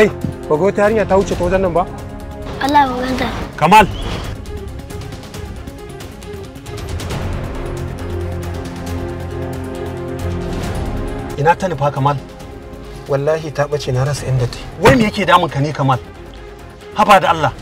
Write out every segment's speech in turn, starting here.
Kai, ba ga wata yarinya ta wuce ta wajen nan ba? Allah ba ganta. Kamal. Ina ta nufa Kamal? Wallahi ta ɓace na rasa inda ta. Wai me yake damun ka ne Kamal? Haba da Allah.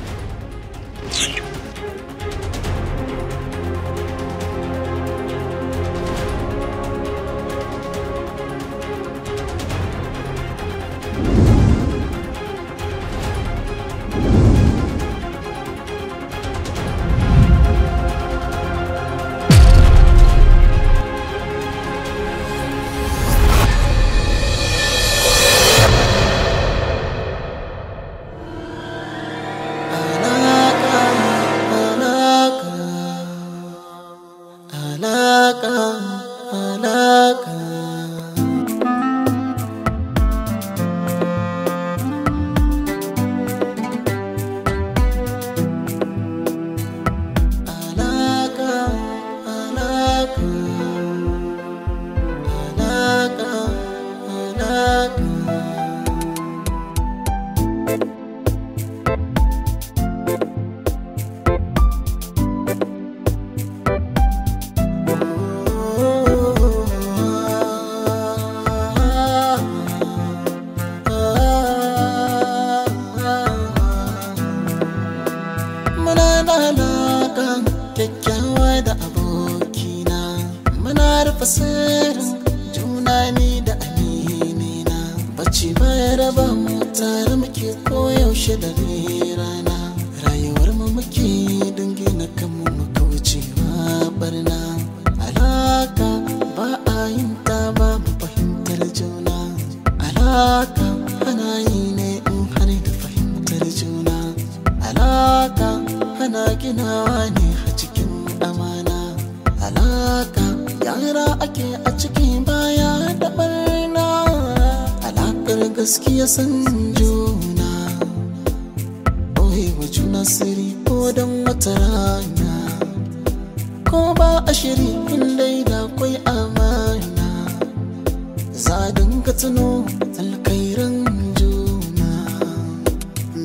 gano alkairan juna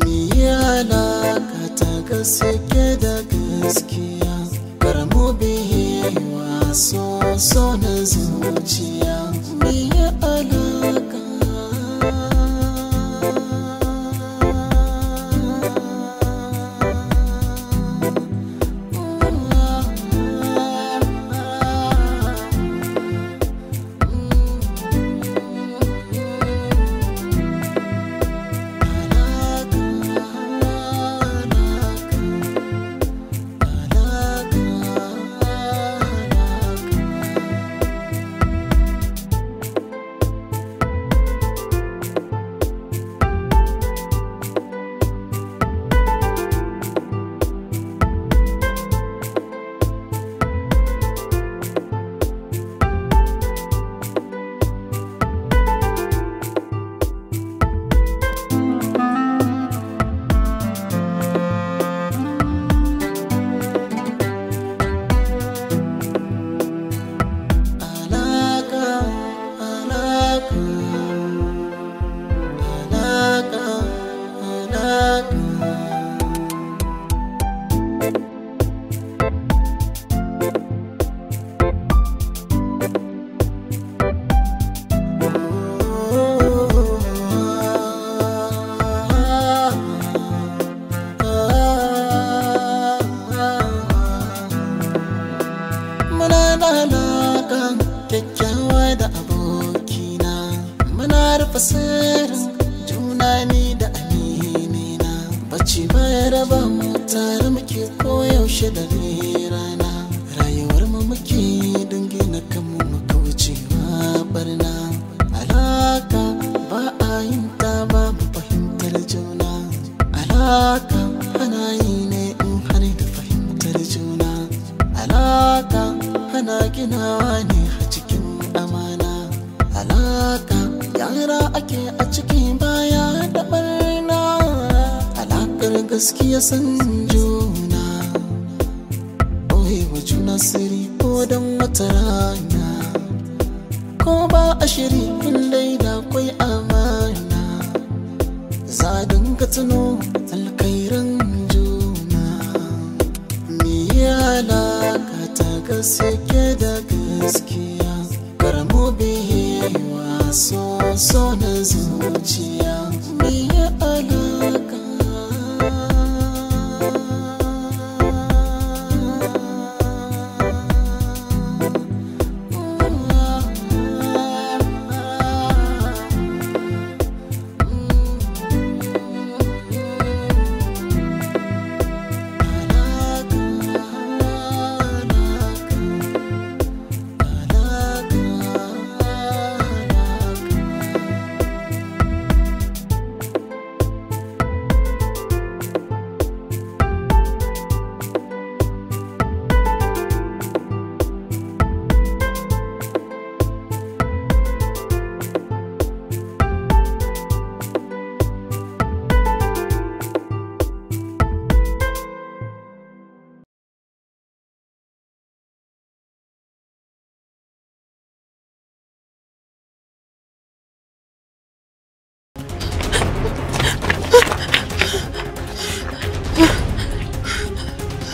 me ya alaka ta gaske da gaskiya karmu bihewa so so na zuciya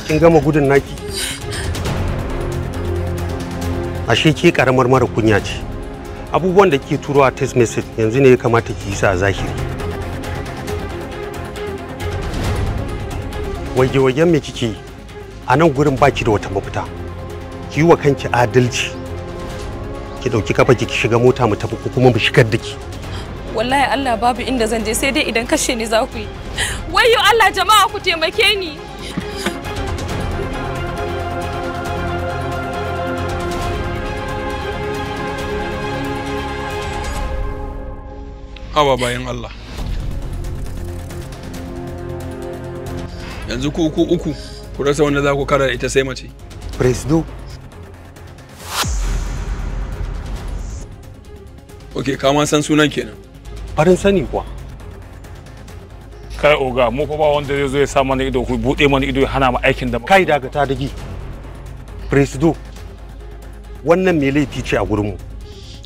kin gama gudun naki ashe ke karamar mara kunya ce abubuwan da ke turo a text message yanzu ne ya kamata ki yi sa a zahiri wage-wagen me kike yi a nan gurin baki da wata mafita ki yi wa kanki adalci ki dauki kafa ki shiga mota mu tafi ko kuma mu shigar da ki wallahi Allah babu inda zan je sai dai idan kashe ni za ku yi wayyo Allah jama'a ku taimake ni awa bayan Allah yanzu ku ku uku ku rasa wanda za ku kara da ita sai mace presdo ok kama san sunan kenan farin sani kuwa kai oga mu fa ba wanda zai zo ya sa mana ido ku bude mana ido ya hana mu aikin da kai daga ta dagi presdo wannan me laifi ce a gurin mu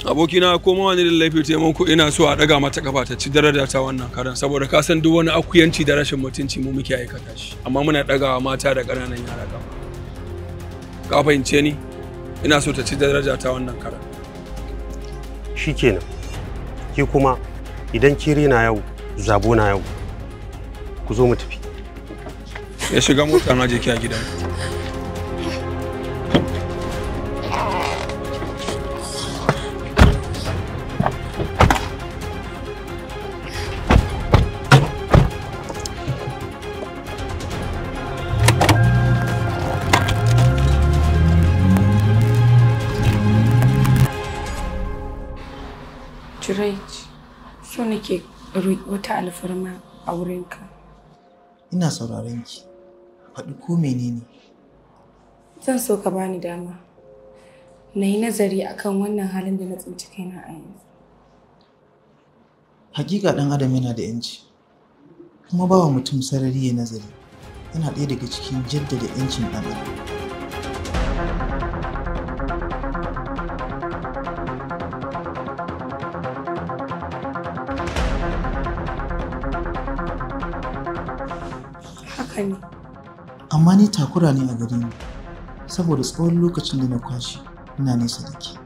abokina ya ne wani da laifi taimako ina so a daga mata kafa ta ci daraja ta wannan karan saboda ka san duk wani akuyanci da rashin mutunci mu muke aikata shi amma muna daga mata da ƙananan yara kafa ka fahimce ni ina so ta ci daraja ta wannan karan shikenan ki kuma idan kiri na yau zabo na yau ku zo mu tafi ya shiga mota na je ki a gidan wata alfarma a wurinka. Ina sauraron ki. Faɗi ko menene? Zan so ka bani dama. Na yi nazari akan wannan halin da na tsinci kaina a yanzu. Hakika ɗan adam yana da ‘yanci. Kuma ba wa mutum sarari ya nazari. Yana ɗaya daga cikin jaddada ‘yancin ɗan adam. takura ne a gare ni saboda tsawon lokacin da na kwashi ina nesa da ke.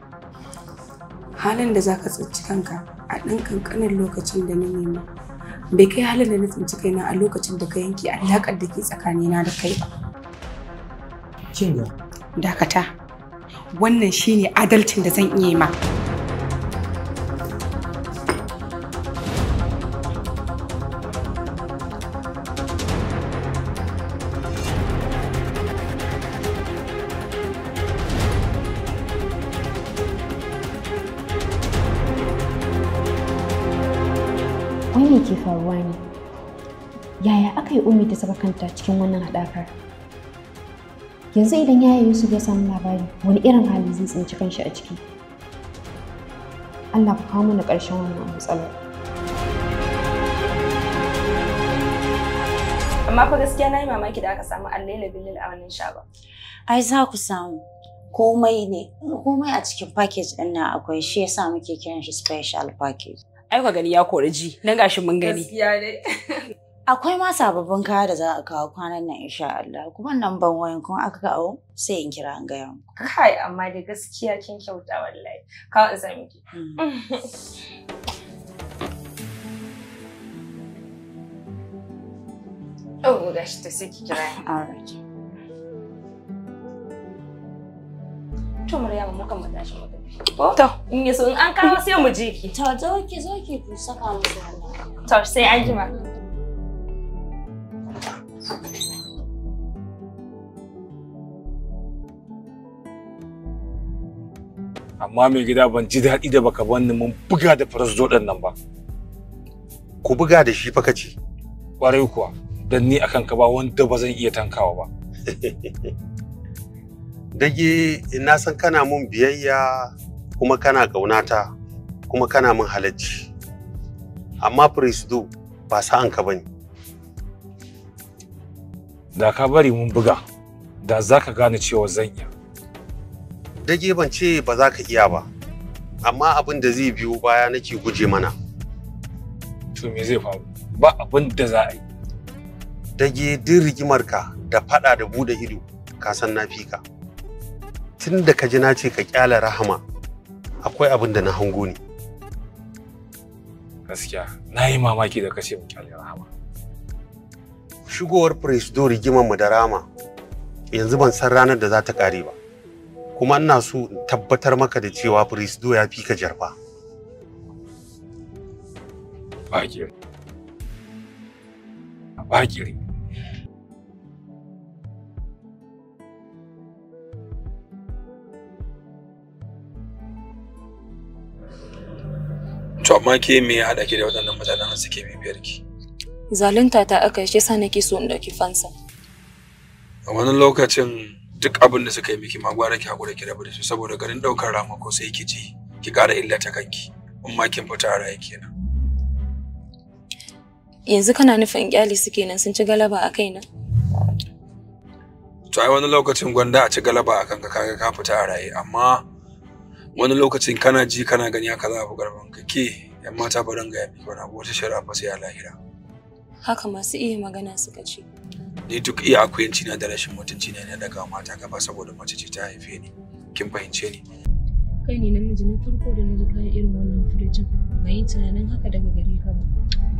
Halin da za ka tsinci kanka a ɗan kankanin lokacin da na nema bai kai halin da na tsinci kaina a lokacin da ka yanke alaƙar da ke tsakanina da kai ba. Kinga. Dakata. Wannan shine adalcin da zan iya yi ma. rubuta cikin wannan haɗakar yanzu idan yaya yusuf ya samu labari wani irin hali zai tsinci kanshi a ciki allah ku kawo mana ƙarshen wannan matsalar amma fa gaskiya na yi mamaki da aka samu allaila billil a wannan shagon ai za ku samu komai ne komai a cikin package din nan akwai shi yasa muke kiran shi special package ai gani ya kori ji nan gashi mun gani gaskiya dai Akwai ma sababbin kaya da za a kawo kwanan nan insha Allah kuma nan ban wayan kun aka kawo sai in kira an gaya muku. Kai amma da gaskiya kin kyauta wallahi. Ka in sami miki. Mm. Oh shi ta saki kira. Alright. To Maryam mu kan mata shi mu To in yaso in an kawo sai mu je ki. To zo ki zo ki ku saka musu wannan. To sai an jima. amma mai gida ban ji daɗi da baka bani mun buga da farasdo ɗin nan ba ku buga da shi fa kace ƙwarai kuwa dan ni akan ka ba wanda ba zan iya tankawa ba dage na san kana mun biyayya kuma kana ƙaunata kuma kana mun halacci amma firisdo ba sa'an ka bane da ka bari mun buga da za ka gane cewa zan iya dage ban ce ba za ka iya ba amma abin da zai biyo baya nake guje mana to me zai faru ba abin da za a yi dage din rigimarka da fada da bude ido ka san na fi ka tun da ka ji na ce ka kyala rahama akwai abin da na hango ne gaskiya na yi mamaki da kashe mun kyale rahama shigowar presdo rigimar mu da rama yanzu ban san ranar da za ta kare ba kuma ina so in tabbatar maka da cewa Firisdo ya fi ka jarfa. Bakiri. Bakiri. To amma ke me ya haɗa ke da waɗannan mutanen da suke bibiyar ki? Zalunta ta aka yi shi sa nake so in ɗauki fansa. A wani lokacin duk abin da suka yi miki ma gwara ki hakura ki rabu da su saboda garin daukar rama ko sai ki ji ki ƙara illata kanki in ma kin fita a raye kenan yanzu kana nufin kyale su kenan sun ci galaba a kaina to ai wani lokacin gwanda a ci galaba a kanka kaga ka fita a raye amma wani lokacin kana ji kana gani haka za a garban ka ke yan mata barin ga yafi wani abu wata shari'a fa sai a lahira haka masu iya magana suka ce ni duk iya akuyanci na da rashin mutunci ne na daga mata gaba saboda mace ce ta haife ni kin fahimce ni kai ne namiji na farko da na ji kayan irin wannan firjin na yi tunanin haka daga gare ka ba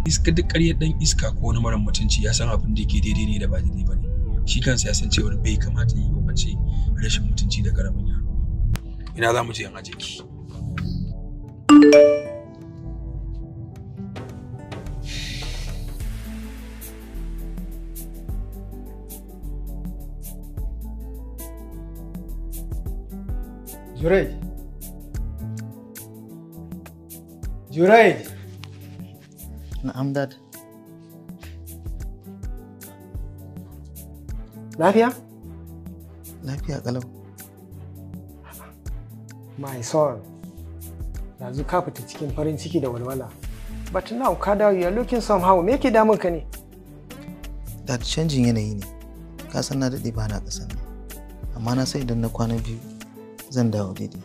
iska duk ƙaryar dan iska ko wani maran mutunci ya san abin da yake daidai ne da ba daidai ba ne shi kansa ya san cewar bai kamata yi wa mace rashin mutunci da karamin yaro ina za mu je in aje ki thank you Juraid. Juraid. Na'am dad. Lafiya? Lafiya kalau. My son. Yanzu ka fita cikin farin ciki da walwala. But now ka dawo you're looking somehow me yake damun ka ne? Dad canjin yanayi ne. Ka san na dade ba na ƙasa amma na san idan na kwana biyu zan dawo daidai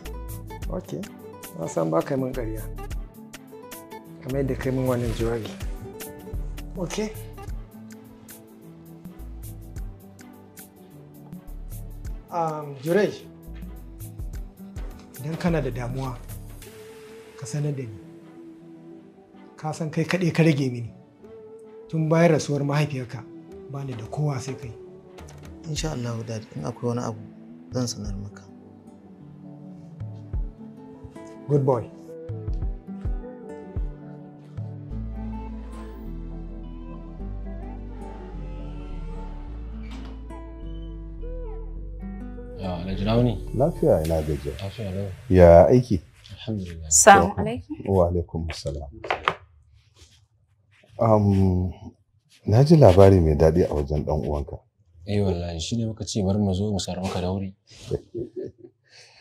ok na san ba ka min ƙarya kamar yadda kai min wannan jawabi ok um, jurai idan kana da damuwa ka sanar da ni ka san kai kaɗai ka rage mini tun bayan rasuwar mahaifiyarka ba ni da kowa sai kai insha Allah in akwai wani abu zan sanar maka Good boy. Alhaji Lafiya ina gajiya. Ya aiki? Alhamdulillah. Salamu alaikum. Wa alaikum salam. Um, na ji labari mai daɗi a wajen ɗan uwanka. Eh wallahi shi ne muka ce bari mu zo mu sarar maka da wuri.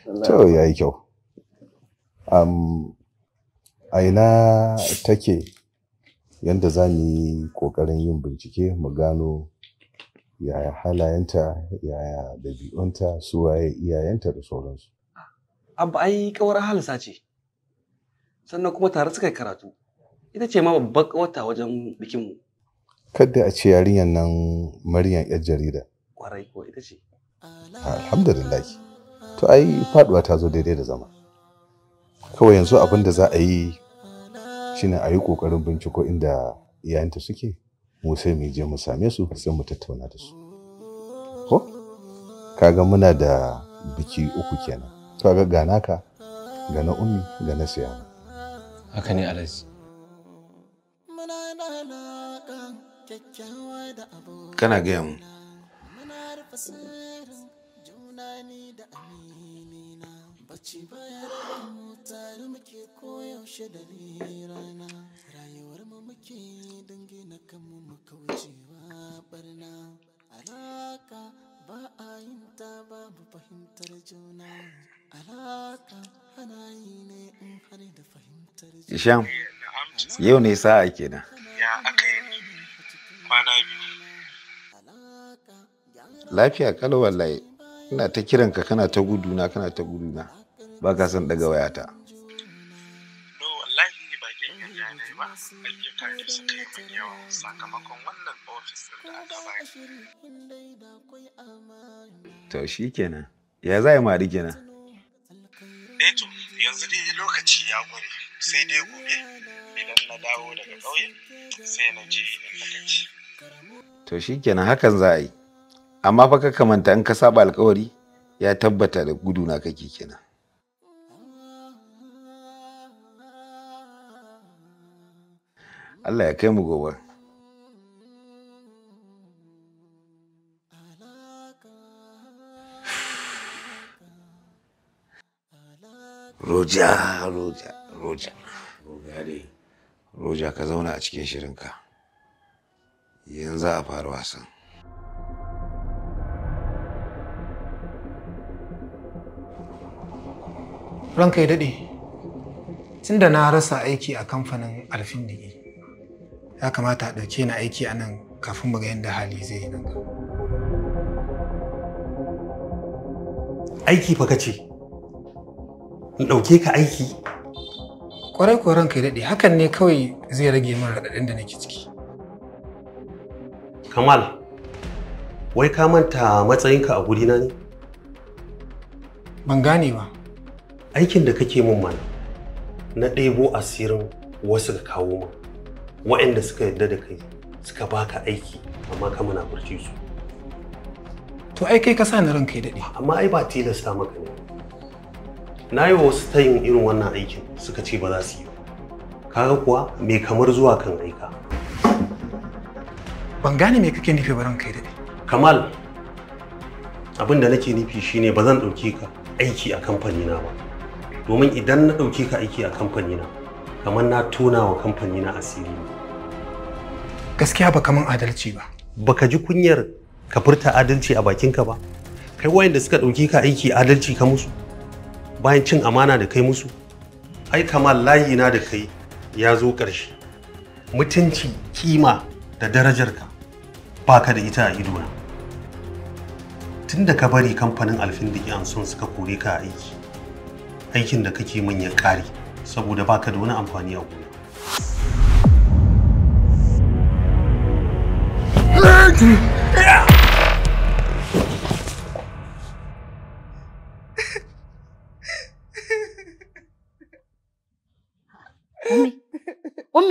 To yayi kyau. Um, a ina take yadda za mu yi ƙoƙarin yin bincike mu gano yaya halayenta yaya ɗabi'unta su waye iyayenta da sauransu. Abba ai kawar halisa ce, sannan kuma tare suka karatu, ita ce ma babbar ƙawata wajen bikinmu. Kadda a ce yarinyar nan Maryam 'yar jarida. Kwarai ko ita ce. Alhamdulillah. To ai faɗuwa ta zo daidai da zama. kawai yanzu abin da za a yi shine a yi ƙoƙarin binciko inda iyayenta suke mu sai mu je mu same su sai mu tattauna da su ko kaga muna da biki uku kenan kaga ga naka ga na ummi ga na siyama haka ne alhaji kana gaya mu bacci koyaushe da rana rayuwar muke dangi na kanmu mu kaucewa barna alaka ba a isham yau ne sa'a a ke nan. lafiya kalwallai ina ta kiranka kana ta guduna kana ta guduna ba ka son daga wayata To shi kenan. Ya za kenan? Eh yanzu dai lokaci ya gure sai dai gobe idan na dawo daga ƙauye sai na je idan na To shi kenan hakan za a yi. Amma fa ka kamanta in ka saba alkawari ya tabbata da guduna kake kenan. Allah ya kai mu gobe. roja roja roja roja ka zauna a cikin shirinka yanzu a fara wasan ranka ya daɗe tunda na rasa aiki a kamfanin alfin alfindigi ya kamata a ɗauke ni aiki a nan kafin mu ga yadda hali zai yi nan aiki fa kace in ɗauke ka aiki kwarai ko ranka ya daɗe hakan ne kawai zai rage min raɗaɗin da nake ciki kamal wai ka manta matsayinka a gudina ne ban gane ba aikin da kake min mana na ɗebo asirin wasu ga kawo min waɗanda suka yarda da kai suka baka aiki amma ka muna burce su to ai kai ka sa ni ranka ya daɗe amma ai ba tilasta maka ne na yi wa wasu tayin irin wannan aikin suka ce ba za su yi kaga kuwa mai kamar zuwa kan aika ban gane me kake nufi ba kai daɗi. kamal abin da nake nufi shine ba zan ɗauke ka aiki a kamfani ba domin idan na ɗauke ka aiki a kamfani na kamar na tona wa kamfani na asiri ne gaskiya ba kamar adalci ba baka ji kunyar ka furta adalci a bakinka ba kai wayanda suka ɗauke ka aiki adalci ka musu bayan cin amana da kai musu ai kamar layi na da kai ya zo ƙarshe mutunci kima da darajarka baka da ita a idona tun da ka bari kamfanin alfin da sun suka kore ka a aiki aikin da kake min ya kare saboda baka da wani amfani a gona Yeah!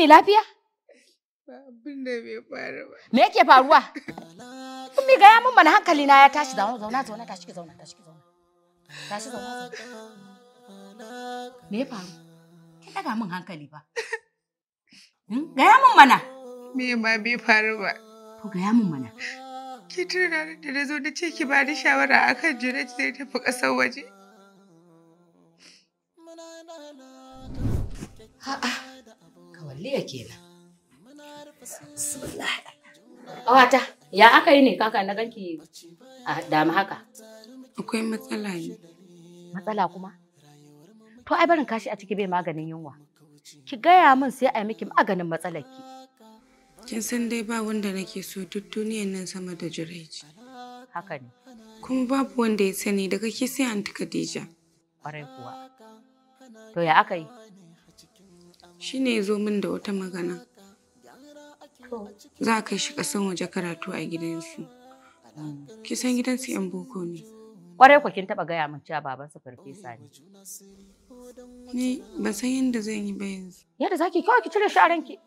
ummi lafiya? Abin da bai faru ba. Me yake faruwa? Ummi ga ya mun mana hankali na ya tashi zauna zauna zauna tashi ki zauna tashi ki zauna. Tashi zauna. Me ya faru? Ki daga mun hankali ba. Hmm? Ga ya mun mana. Me ma bai faru ba. To ga ya mun mana. Ki tuna da na zo da ce ki ba da shawara akan Junet zai tafi ƙasar waje. A'a. Aliya kenan. Wata, ya aka yi ne kaka na ganki a dama haka? Akwai matsala ne. Matsala kuma? To ai barin kashi a ciki bai maganin yunwa. Ki gaya min sai a yi miki maganin matsalar ki. Kin san dai ba wanda nake so duk duniyar nan sama da jiraiji. Haka ne. Kuma babu wanda ya sani da kake sai ta Khadija. Ƙwarai kuwa. To ya aka yi? shi ne ya zo min da wata magana. Za ka shi ƙasan waje karatu a gidansu. Ki san gidansu 'yan boko ne. Ƙwarai ku kin taɓa gaya min cewa babansa farfesa ne. Ni ban san yadda zan yi ba yanzu. Yadda za ki kawai ki cire shi a ranki.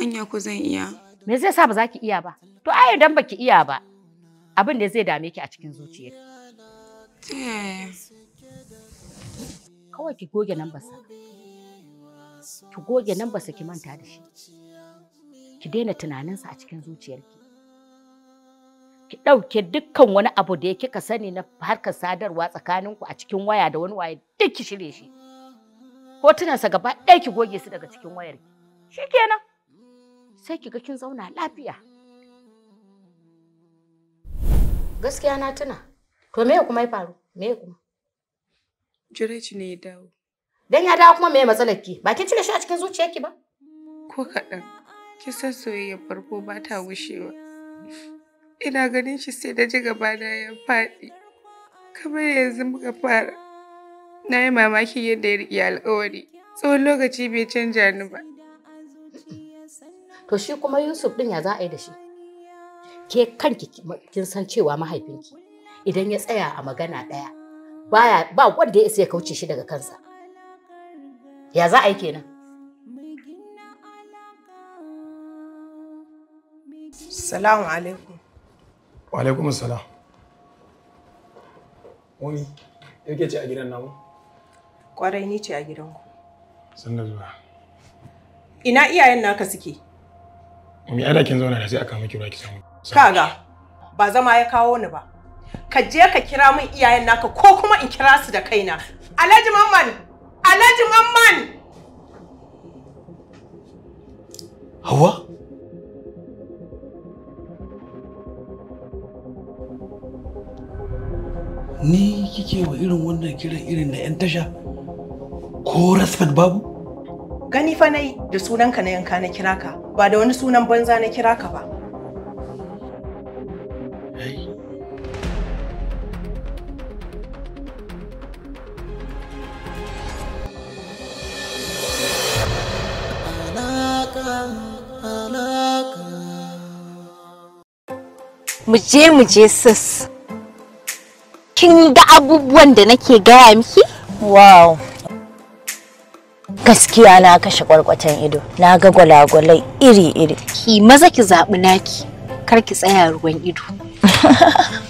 Anya ko zan iya. Me zai sa ba za ki iya ba? To ai idan ba ki iya ba, abin da zai dame ki a cikin zuciyar. Ta yaya? kawai ki goge nan basa ki goge nan basa ki manta da shi ki daina tunaninsa a cikin zuciyarki ki ɗauke dukkan wani abu da ya kika sani na harkar sadarwa tsakaninku a cikin waya da wani waye duk ki shirye shi hotunansa gaba ɗaya ki goge su daga cikin wayar. shi kenan sai ki ga kin zauna lafiya gaskiya na tuna to me kuma ya faru me kuma Jireji ne ya dawo. Dan ya dawo kuma me matsalar ki? Ba ki cika shi a cikin zuciyarki ba? Ko kaɗan. Ki san soyayyar farko ba ta wushewa. Ina ganin shi sai da ji gaba na ya faɗi. Kamar yanzu muka fara. Na yi mamakin yadda ya riƙe alƙawari. Tsawon lokaci bai canja ni ba. To shi kuma Yusuf ɗin ya za a yi da shi? Ke kanki kin san cewa mahaifinki idan ya tsaya a magana ɗaya baya ba wanda ya isa ya kauce shi daga kansa ya za a yi kenan salamu alaikum wa alaikum salam wani yake ce a gidan namu? Kwarai ni ce a gidanku. Sanna zuwa. Ina iyayen naka suke? mai ana kin zauna da sai aka miki ba ki samu. Kaga, ba zama ya kawo ni ba. ka je ka kira min iyayen naka ko kuma in kira su da kaina alhaji mamman alhaji mamman hawa ni kike wa irin wannan kiran irin na 'yan tasha ko Rasfat babu gani fa nayi da sunanka na yanka na kira ka ba da wani sunan banza na kira ka ba muje mu sis kin ga abubuwan da nake gaya miki wow gaskiya na kashe kwarkwatan ido na ga gwalagwalai iri-iri ki maza ki zaɓi naki kar ki tsaya ruwan ido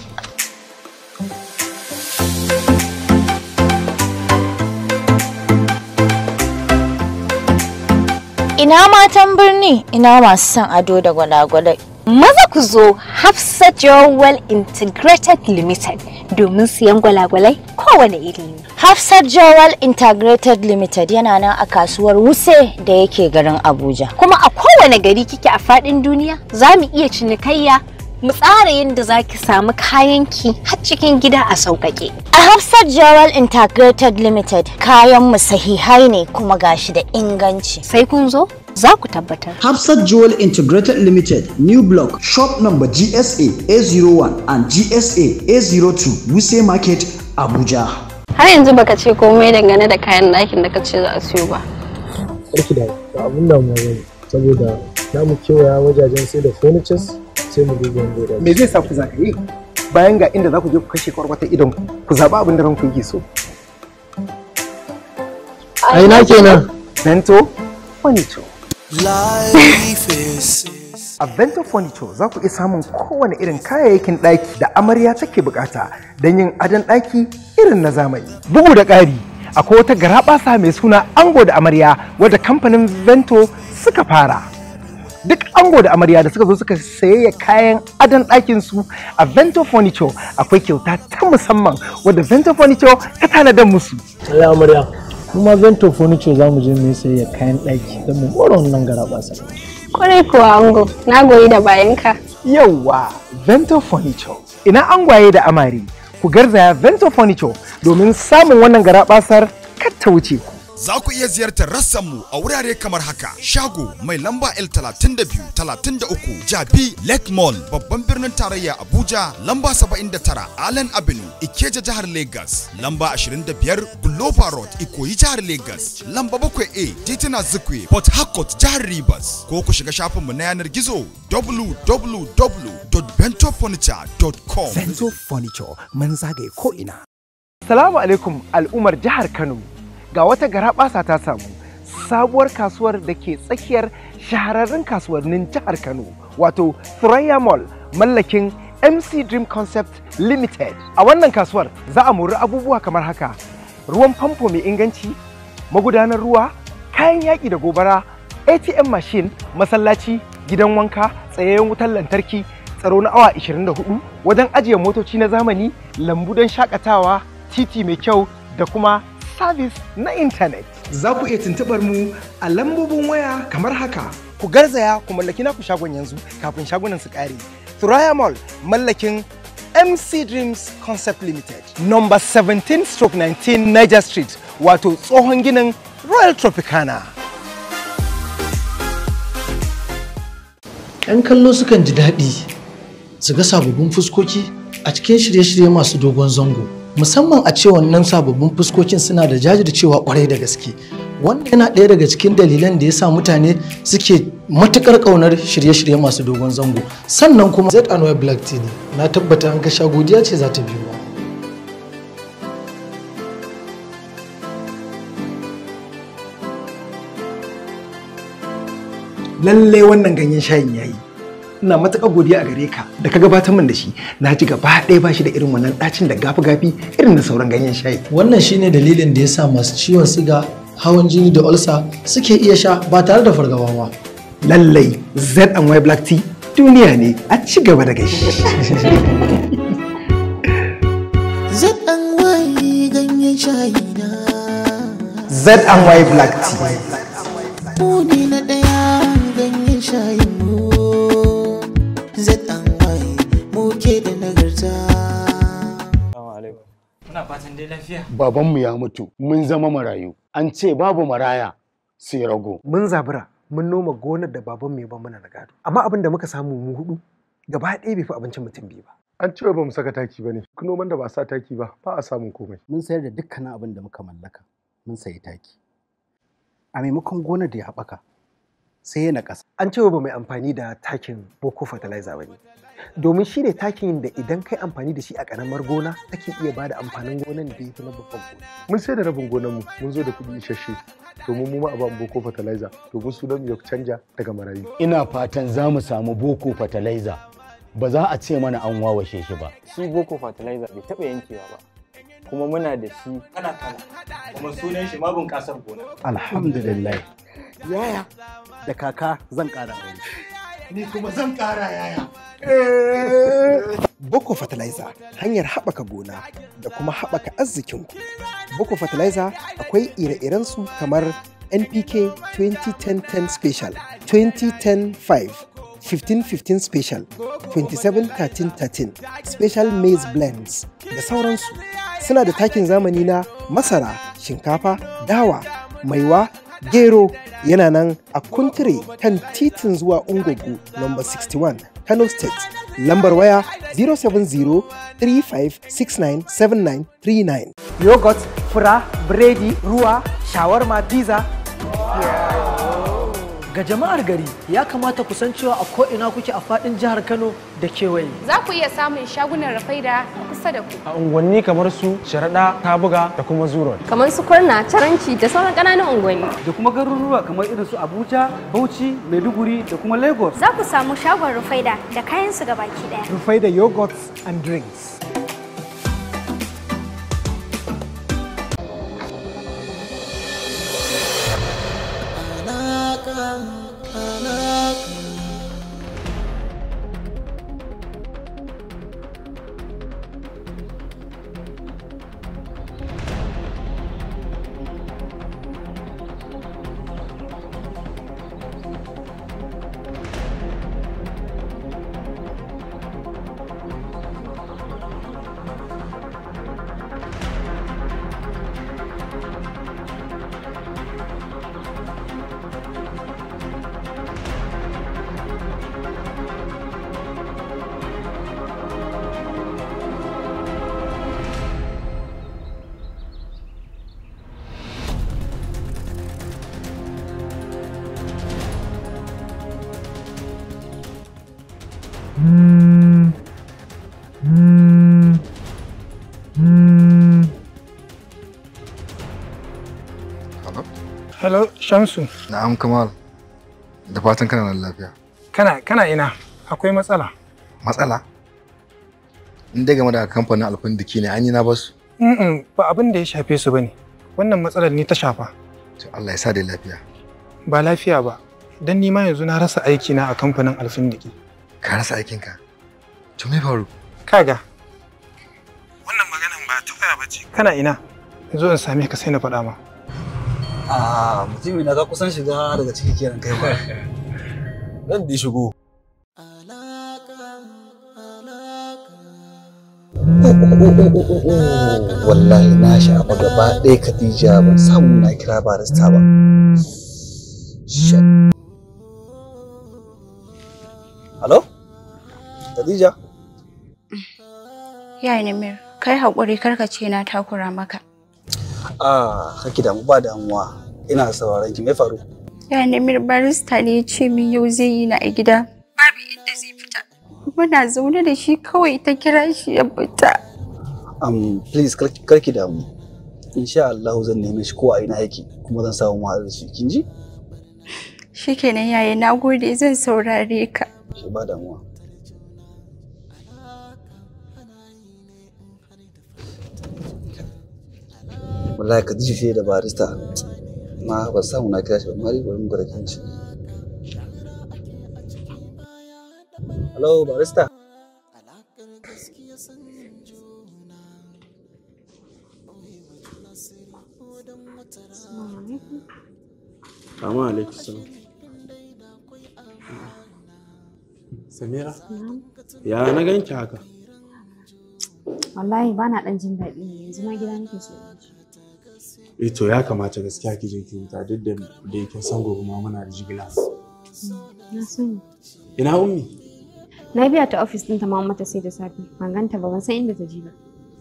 ina matan birni ina masu son ado da gwalagwalai. Maza ku zo Hafsa Jewel Integrated Limited domin siyan gwalagwalai kowane iri. Hafsa Jewel Integrated Limited yana nan a kasuwar Wuse da yake garin Abuja. Kuma a kowane gari kike a faɗin duniya za mu iya cinikayya mu tsara yadda za ki samu kayanki har cikin gida a sauƙaƙe. A Hafsat Jawal Integrated Limited kayan mu sahihai ne kuma gashi da inganci. Sai kun zo? za ku tabbatar. Hafsat Jewel Integrated Limited New Block Shop number GSA A01 and GSA A02 Wuse Market Abuja. Har yanzu baka ce komai dangane da kayan ɗakin da ka ce za a siyo ba. Sarki da abun da mu saboda za kewaya wajajen sai da furnitures sai mu da me zai sa ku zaka yi bayan ga inda za ku je ku kashe kwarkwata idon ku zaba abin da ku yake so ai na kenan bento furniture a bento za ku iya samun kowane irin kayayyakin ɗaki da amarya take bukata don yin adon ɗaki irin na zamani bugu da ƙari akwai wata garaɓasa mai suna ango da amarya wadda kamfanin vento suka fara duk ango da amarya da suka zo suka sayayya kayan adon ɗakin su a Vento Furniture akwai kyauta ta musamman wadda Vento Furniture ta tanadar musu. Allah amarya kuma Vento Furniture za mu je mu sayayya kayan ɗaki don mu mora wannan garaɓasa. Kwarai kuwa ango na goyi da bayanka. yauwa Vento Furniture ina angwaye da amari ku garzaya Vento Furniture domin samun wannan garaɓasar kar ta wuce ku. za ku iya ziyartar rassanmu a wurare kamar haka shago mai lamba L32 33 Jabi Lake Mall babban birnin tarayya Abuja lamba tara Allen Avenue Ikeja jihar Legas lamba 25 Global Road Ikoyi jihar Legas lamba 7A Titina Zikwe Port Harcourt jihar Rivers ko ku shiga shafinmu na yanar gizo www.bentofurniture.com Bento Furniture ko ina Salamu alaikum al'ummar jihar Kano ga wata garaɓasa ta samu sabuwar kasuwar da ke tsakiyar shahararrun kasuwannin jihar Kano wato Thuraya Mall mallakin MC Dream Concept Limited. A wannan kasuwar za a mori abubuwa kamar haka ruwan famfo mai inganci, magudanar ruwa, kayan yaƙi da gobara, ATM machine, masallaci, gidan wanka, tsayayyen wutar lantarki, tsaro na awa 24 wajen ajiye motoci na zamani lambu don shakatawa titi mai kyau da kuma service na intanet. Za ku iya tuntuɓar mu a lambobin waya kamar haka. Ku garzaya ku mallaki naku shagon yanzu kafin shagunan su ƙare. Thuraya Mall mallakin MC Dreams Concept Limited, number 17 stroke 19 Niger Street, wato tsohon ginin Royal Tropicana. ‘Yan kallo sukan ji daɗi su ga sababbin fuskoki a cikin shirye-shirye masu dogon zango. musamman a ce wannan sababbin fuskokin suna da jajircewa kwarai da gaske wanda yana ɗaya daga cikin dalilan da ya sa mutane suke matukar ƙaunar shirye-shirye masu dogon zango sannan kuma ZNY Black TV na tabbata an sha godiya ce za ta biyo lallai wannan ganyen shayin yayi ina matuƙa godiya a gare ka da ka gabatar min da shi na ji gaba ɗaya ba shi da irin wannan ɗacin da gafi-gafi irin na sauran ganyen shayi wannan shine dalilin da ya sa masu ciwon siga hawan jini da ulsa suke iya sha ba tare da fargaba ba lallai Y black tea duniya ne a ci gaba da gaishe ZNY ganyen shayi na ZNY black tea na ɗaya ganyen shayi Ina fatan dai lafiya. Babanmu ya mutu, mun zama marayu. An ce babu maraya sai rago. Mun zabura, mun noma gonar da babanmu ya ba mana na gado. Amma abin da muka samu mu hudu, gaba ɗaya bai fi abincin mutum biyu ba. An ce ba mu saka taki ba ne, noman da ba sa taki ba, ba a samun komai. Mun sayar da dukkanin abin da muka mallaka, mun sayi taki. A maimakon gonar da ya haɓaka, sai na ƙasa. An ce ba mai amfani da takin boko fertilizer ba ne. Domin shi ne takin da idan kai amfani da shi a ƙaramar gona ake iya ba da amfanin gonan da ya fi na babban gona. Mun sai da rabin mu, mun zo da kuɗi isasshe domin mu ma a bamu boko fertilizer domin sunan ya canja daga marayu. Ina fatan za mu samu boko fertilizer ba za a ce mana an wawashe shi ba. Su boko fertilizer bai taɓa yankewa ba. kuma muna da shi kana kana kuma sunan shi mabun kasar gona alhamdulillah yaya da kaka zan kara aure ni kuma zan kara yaya eh. Boko Fertilizer hanyar haɓaka gona da kuma haɓaka arzikin ku. Boko Fertilizer akwai ire-irensu kamar NPK 2010-10 Special, 2010-5, 15-15 special 27-13-13 special maize blends da sauransu suna da takin zamani na masara shinkafa dawa maiwa gero yana nan a kuntire kan titin zuwa ungogu no 61 kano state lambar waya 070-3569-7939 yogurt fura biredi ruwa shawarma pizza yeah. ga jama'ar gari ya kamata ku san cewa a ko'ina kuke a fadin jihar Kano da kewaye. Za ku iya samun shagunan rafaida a kusa da ku. A unguwanni kamar su Sharaɗa, Tabuga da kuma zuro Kamar su Kurna, Taranci da sauran ƙananan unguwanni. Da kuma garuruwa kamar irin su Abuja, Bauchi, Maiduguri da kuma Lagos. Za ku samu shagon rufaida da kayan su gabaki ɗaya. Rufaida yogurts and drinks. Shamsu. Na'am Kamal. Da fatan kana nan lafiya. Kana kana ina? Akwai matsala. Matsala? In dai game da kamfanin alfin diki ne an yi na basu. Mm ba abin da ya shafe su bane. Wannan matsalar ni ta shafa. To Allah ya sa lafiya. Ba lafiya ba. Dan ni ma yanzu na rasa aiki na a kamfanin alfin diki. Ka rasa aikinka? To me faru? Kaga. Wannan maganan ba ta ba ce. Kana ina? Yanzu in same ka sai na faɗa ma. Aa, ah, mutumi na ka kusan shiga daga ciki kenan kai ba nan da shigo wallahi na shafa gaba ɗaya Khadija ban samu na kira barista ba Halo? Khadija? Yaya Namir, kai haƙuri ce na takura maka. Ah, kake damu ba damuwa. Ina sauraron ki me faru? Ya Namir barista ne ce min yau zai yi na a gida. Babu inda zai fita. Muna zaune da shi kawai ta kira shi ya fita. Um, please kar ki damu. Insha Allah zan neme shi ko a ina aiki kuma zan samu mu shi kin ji? Shikenan yaya nagode zan saurare ka. Shi ba damuwa. wallahi ka dishi fiye da barista ma ba samu na kira shi ba mari bari mu gwada kanci hello barista Assalamu alaikum. Samira? Ya na ganki haka? Wallahi ba na ɗan jin daɗi yanzu ma gida nake so. E, to ya kamata gaskiya ki je ki huta duk da da yake san gobe ma muna da jigila na sani ina ummi na biya ta office din ta mamata sai da safe ban ganta ba ban san inda ta je ba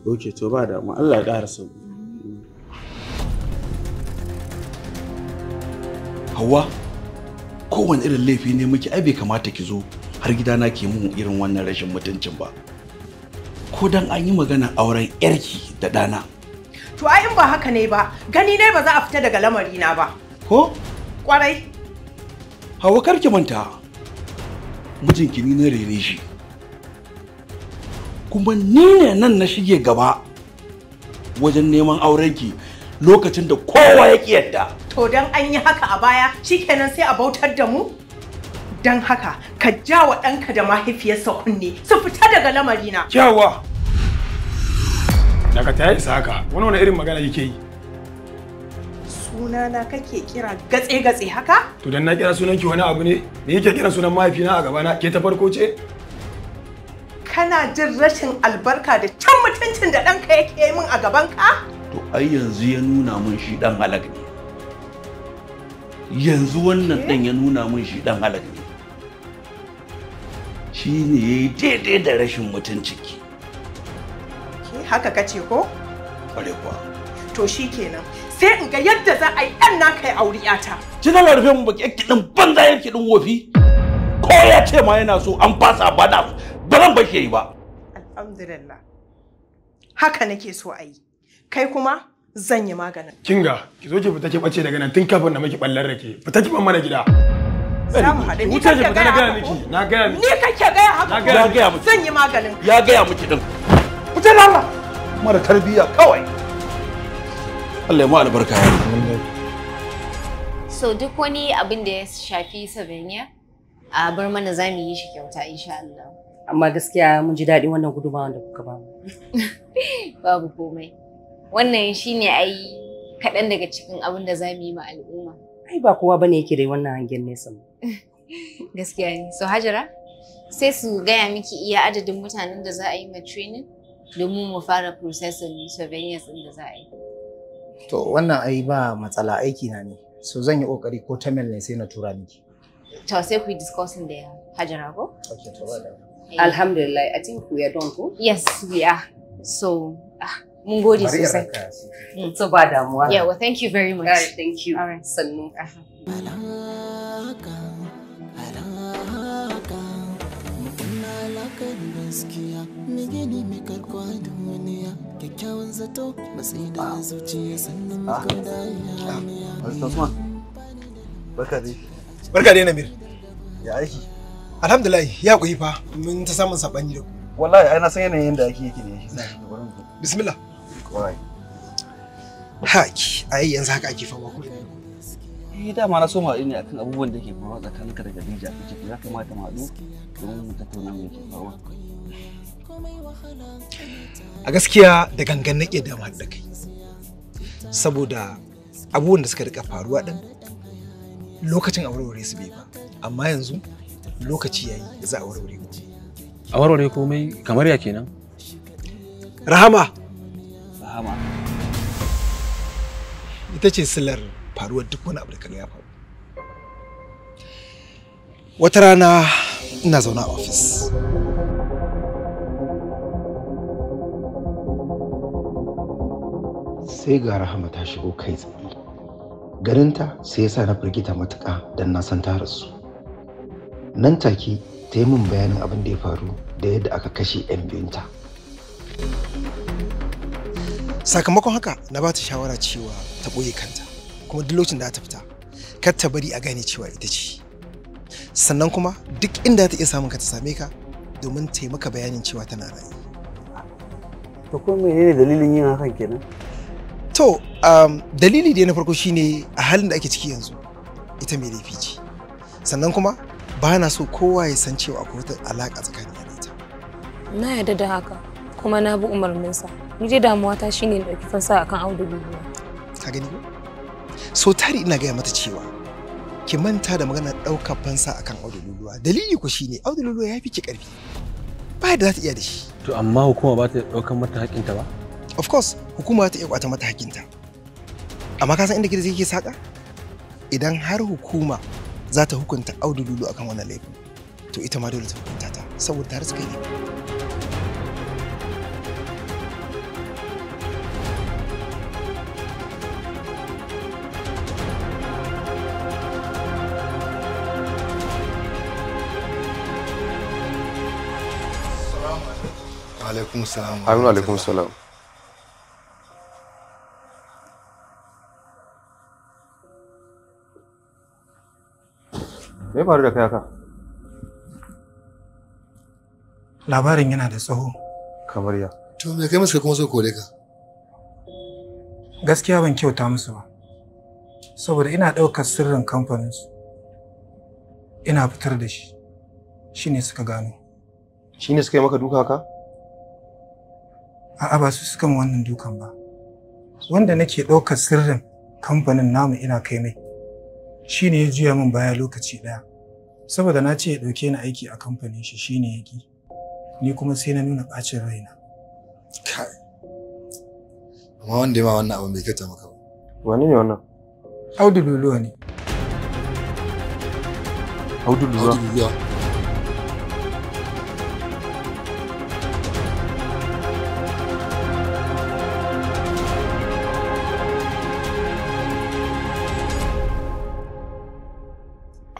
okay to ba da mu Allah ya ƙara sauki Hawa kowane irin laifi ne muke ai bai kamata ki zo har gidana ke mun irin wannan rashin mutuncin ba ko dan an yi magana auren yarki da ɗana To ai in ba haka ne ba, gani ne ba za a fita daga lamari na ba. Ko? Kwarai. Hawa karki manta. Mijinki ni na rere shi. Kuma ni ne nan na shige gaba wajen neman aurenki lokacin da kowa ya yadda. To dan an yi haka a baya, shikenan sai a bautar da mu? Dan haka, ka ja wa ɗanka da mahaifiyarsa kunne su fita daga lamarina. Kyawa. Daga ta yi saka wani wani irin magana yake yi. Sunana kake kira gatse-gatse haka? To dan na kira ki wani abu ne? Me yake kira sunan mahaifina a gabana ke ta farko ce? Kana jin rashin albarka da can mutuncin da ɗanka yake yi min a gabanka? To ai yanzu ya nuna min shi ɗan halak ne. Yanzu wannan ɗan ya nuna min shi ɗan halak ne. Shi ne ya yi daidai da rashin mutuncin ki. haka kace ko kware kuwa to shikenan sai in ga yadda za a yi dan na kai ta. kina larfe mu baki kidin banza yake din wofi ko ya ce ma yana so an fasa ba na ba zan bashi yi ba alhamdulillah haka nake so a yi kai kuma zan yi maganin kinga ki zo ki fita ki bace daga nan tun kafin na miki ballar rake fita ki mana gida za mu ni kake gaya miki na gaya miki ni kake gaya haka zan yi maganin ya gaya miki din fita Allah mara tarbiyya kawai Allah ya mu albarka ya so duk wani abin da ya shafi sabaniya a bar mana za mu yi shi kyauta insha Allah amma gaskiya mun ji daɗin wannan gudumawa da kuka ba babu komai wannan shine ai kaɗan daga cikin abin da za mu yi ma al'umma ai ba kowa bane yake da wannan hangen nesa gaskiya ne so hajara sai su gaya miki iya adadin mutanen da za a yi ma training domin mu fara processing surveillance ɗin da za a yi. To wannan ai ba matsala aiki na ne. So zan yi kokari ko ta mail ne sai na tura miki. To sai ku discussing da Hajara ko? Okay, to eh. Alhamdulillah, I think we are done ko? Yes, we are. So ah, mun gode sosai. Mm. So ba damuwa. Yeah, well thank you very much. All right, thank you. All right. Sannu. Uh -huh. gaskiya mai gini mai kyakkyawan zato matsayi da zuciya sannan ah. makauda ya ah. barka dai namir ya aiki ya kuyi fa mun ta samun sabani da ku wallahi ai na san yanayin da ake yake ne bismillah hai ai yanzu haka ake fama kullum ni dama na so mu haɗu ne akan abubuwan da ke faruwa tsakaninka da Khadija kace ya kamata mu haɗu domin mu tattauna me ke faruwa a gaskiya da gangan na iya dama da kai saboda abubuwan da suka rika faruwa din lokacin a warware su bai ba amma yanzu lokaci yayi da za a warware mu a warware komai kamar ya kenan rahama rahama ita ce silar faruwar duk wani abu da ya faru wata rana ina zaune a ofis sai ga rahama ta shigo kai tsaye ta sai ya sa na firgita matuƙa don na san ta rasu nan take ta yi min bayanin abin da ya faru da yadda aka kashe 'yan biyunta sakamakon haka na ba ta shawara cewa ta ɓoye kanta kuma duk lokacin da ta fita kar ta bari a gane cewa ita ce sannan kuma duk inda ta iya samun ka ta same ka domin ta maka bayanin cewa tana rayu to ko ne dalilin yin hakan kenan to um, dalili da na farko shine a halin da ake ciki yanzu ita mai laifi ce sannan kuma ba na so kowa ya san cewa akwai wata alaƙa tsakanin da ita na yarda da haka kuma na bi umarninsa ni dai damuwa ta shine in ɗauki fansa akan audugu ka gani ko so tari ina gaya mata cewa ki manta da maganar ɗaukar fansa akan audululuwa dalili ku shine audululuwa ya fi ki ƙarfi ba da za ta iya da shi to amma hukuma ba ta ɗaukar mata hakinta ba of course hukuma ta iya kwata mata hakinta, amma ka san inda gidan yake saka idan har hukuma za ta hukunta audululu akan wannan laifin to ita ma dole ta hukunta ta saboda har suka yi alaikum salam alaikum salam me faru da kai haka labarin yana da tsaho kamar ya to me kai musu kuma so kore ka gaskiya ban kyauta musu ba saboda ina ɗaukar sirrin kamfaninsu ina fitar da shi shi ne suka gano shi ne suka yi maka duka ka A'a ba su suka wannan dukan ba. Wanda nake ɗaukar sirrin kamfanin namu ina kai mai. Shi ne ya juya min baya lokaci ɗaya. Saboda na ce ya ɗauke ni aiki a kamfanin shi shi ne ya ƙi. Ni kuma sai na nuna ɓacin raina. Kai. Amma wanda ya ma wannan abin bai kyauta maka ba. Wani ne wannan? Audu Luluwa ne. Audu Audu Luluwa.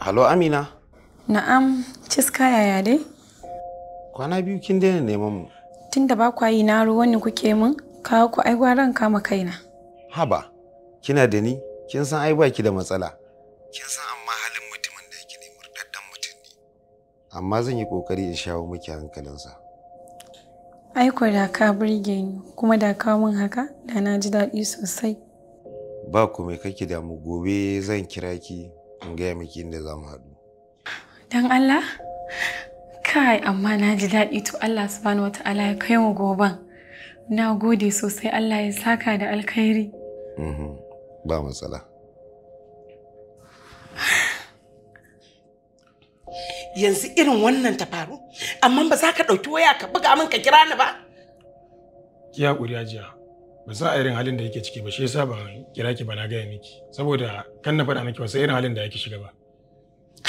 Halo Amina. Na'am, ciska yaya dai? Kwana biyu kin daina neman mu. Tunda ba kwa yi na ruwan ne kuke min, kawo ku ai gwaran kama kaina. Haba, kina da ni, kin san ai baki da matsala. Kin san amma halin mutumin da yake ne murdaddan mutum ne. Amma zan yi kokari in shawo miki hankalinsa. Ai ko da ka burge ni, kuma da ka min haka, da na ji daɗi sosai. Ba ku mai kake damu gobe zan kira ki in gaya miki inda za mu haɗu. Don Allah? Kai, amma na ji daɗi to Allah subhanahu wa ta'ala ya kai mu goban. Na gode sosai Allah ya saka da alkhairi. Mhm, ba matsala. Yanzu irin wannan ta faru, amma ba za ka ɗauki waya ka buga min ka kira ni ba? Ya ƙuri ajiya. ba sa a irin halin da yake ciki ba shi yasa ban kira ki ba na gaya miki saboda kan na faɗa miki ba sai irin halin da yake shiga ba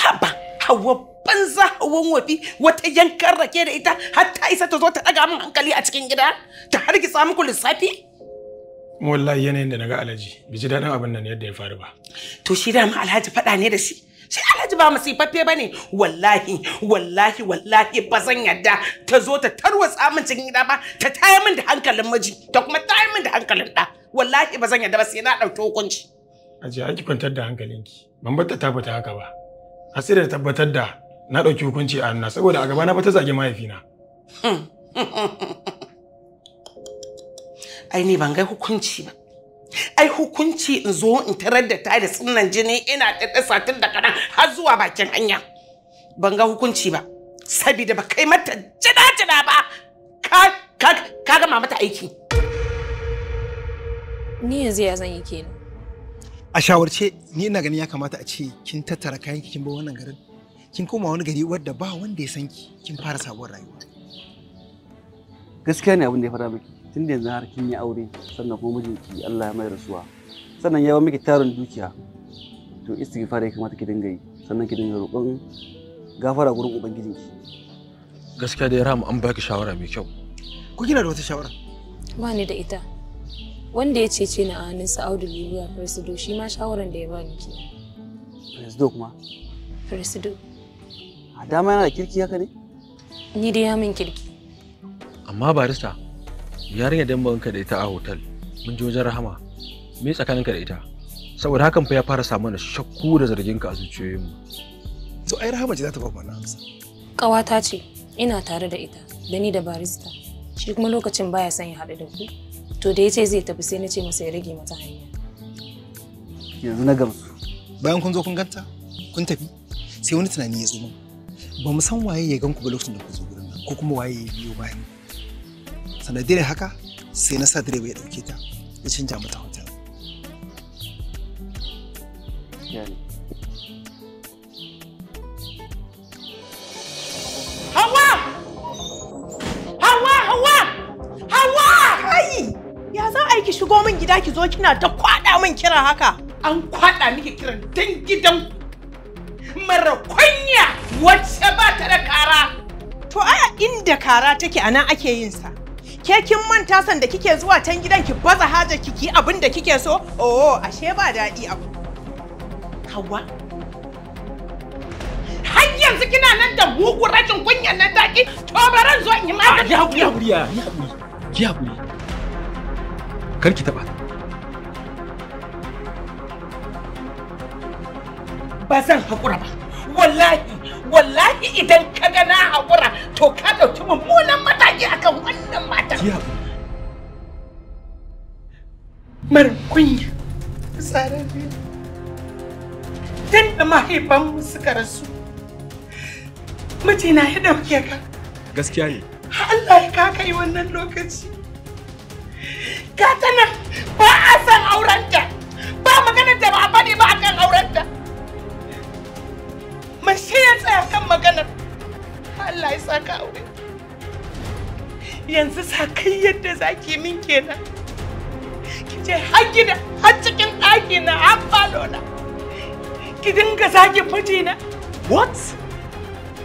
haba hawa banza hawan wafi wata yankan rake da ita har ta isa ta zo ta ɗaga min hankali a cikin gida ta har ki samu lissafi wallahi yanayin da naga alhaji bai ji daɗin abin nan yadda ya faru ba to shi dama alhaji faɗa ne da shi shi alhaji ba masifaffe ba ne wallahi wallahi wallahi ba zan yadda ta zo ta tarwatsa min cikin gida ba ta taya min da hankalin miji ta kuma taya min da hankalin da. wallahi ba zan yadda ba sai na ɗauki hukunci. aje aki kwantar da hankalinki ban bar ta tabbata haka ba asira da tabbatar da na ɗauki hukunci a hannuna saboda a gaba na ta zage mahaifina. ai ni ban ga hukunci ba ai hukunci in zo in tarar da ta da tsinnan jini ina ta dasa tun da kanan har zuwa bakin hanya ban ga hukunci ba saboda ba kai mata jina jina ba ka ka ka gama mata aiki ni yanzu ya zan yi kenan a shawarce ni ina ganin ya kamata a ce kin tattara kayan kin bar wannan garin kin koma wani gari wadda ba wanda ya san kin fara sabuwar rayuwa gaskiya ne abin da ya fara miki tun da yanzu har kin yi aure sannan kuma mijinki Allah ya mai rasuwa sannan ya ba miki tarin dukiya to istighfar ya kamata ki dinga yi sannan ki dinga roƙon gafara gurin ubangijinki gaskiya da Raham an baki shawara mai kyau ko kina da wata shawara ba ni da ita wanda ya cece ni a hannun Audu liliya Presido shi ma shawaran da ya ba ni ke Presido kuma Presido a dama yana da kirki haka ne ni dai ya min kirki amma barista yarinya dan banka da ita a hotel mun je wajen rahama me tsakaninka da ita saboda hakan fa ya fara samu na shakku da zargin ka a zuciyoyin mu. to ai rahama ce za ta ba mana amsa kawata ce ina tare da ita da ni da barista shi kuma lokacin baya son ya haɗu da ku to da yace zai tafi sai na ce masa ya rage mata hanya yanzu na gamsu bayan kun zo kun ganta kun tafi sai wani tunani ya zo min ba mu san waye ya gan ku ba lokacin da ku zo gurin nan ko kuma waye ya biyo bayan sanadiyar haka sai na sa direba ya ɗauke ta ya canja mata hotel Hawa! Hawa! Hawa! Hawa! Kai! Ya za a yi ki shigo min gida ki zo kina ta kwaɗa min kira haka? An kwaɗa miki kiran dan gidan mara kunya wacce ba ta da kara. To a inda kara take a nan ake yin sa. ke kin manta san da kike zuwa can gidan ki baza haja kiki abin da kike so oh ashe ba daɗi abu hawa har yanzu kina nan da mugun rajin kunyan nan daki to baran zo in yi ah, magani ya haƙuri ya haƙuri ya haƙuri ki kar ki taɓa ba zan haƙura ba wallahi wallahi idan ka na haƙura to ka ɗauki mummunan zagi akan wannan matar. Ya haƙuri. Mar kunya. Tsara biyu. Tun da mahaifanmu suka rasu. Mijina ya ɗauke ka. Gaskiya ne. Allah ya kaka yi wannan lokaci. Ka tana ba a san aurenta. Ba maganar da ba a faɗi ba akan aurenta. Mashi ya tsaya kan maganar. Allah ya saka aurenta. yanzu sa sakai yadda zaki min kenan ki je har gida har cikin ɗaki na har falo na ki dinga zaki fiti na what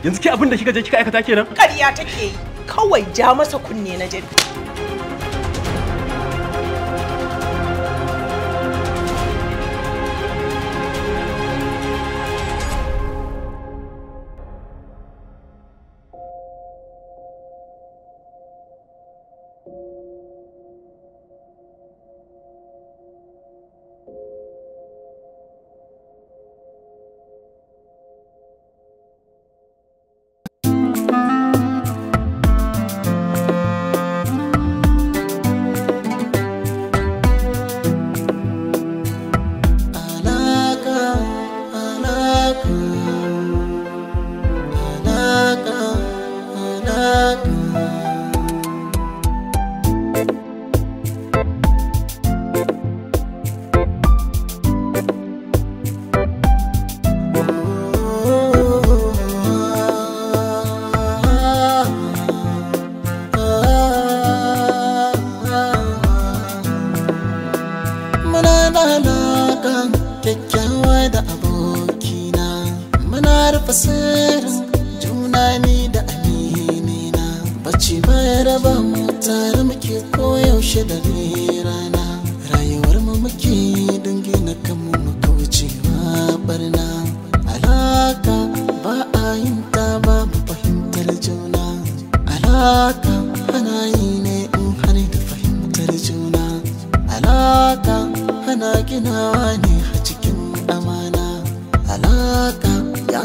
yanzu ke abin da kika je kika aikata kenan ƙarya take yi kawai ja masa kunne na jiki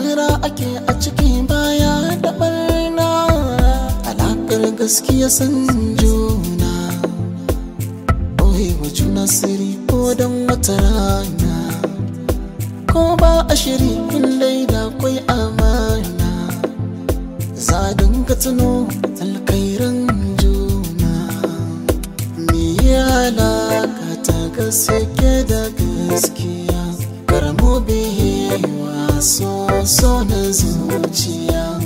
gyara ake a ciki baya da barna alaƙar gaskiya san juna wa juna siri ko don wata rana ko ba a shiri in da kwai amana za dinga tuno alkairan juna me ya alaƙa ta gaske da gaske so so na zuciya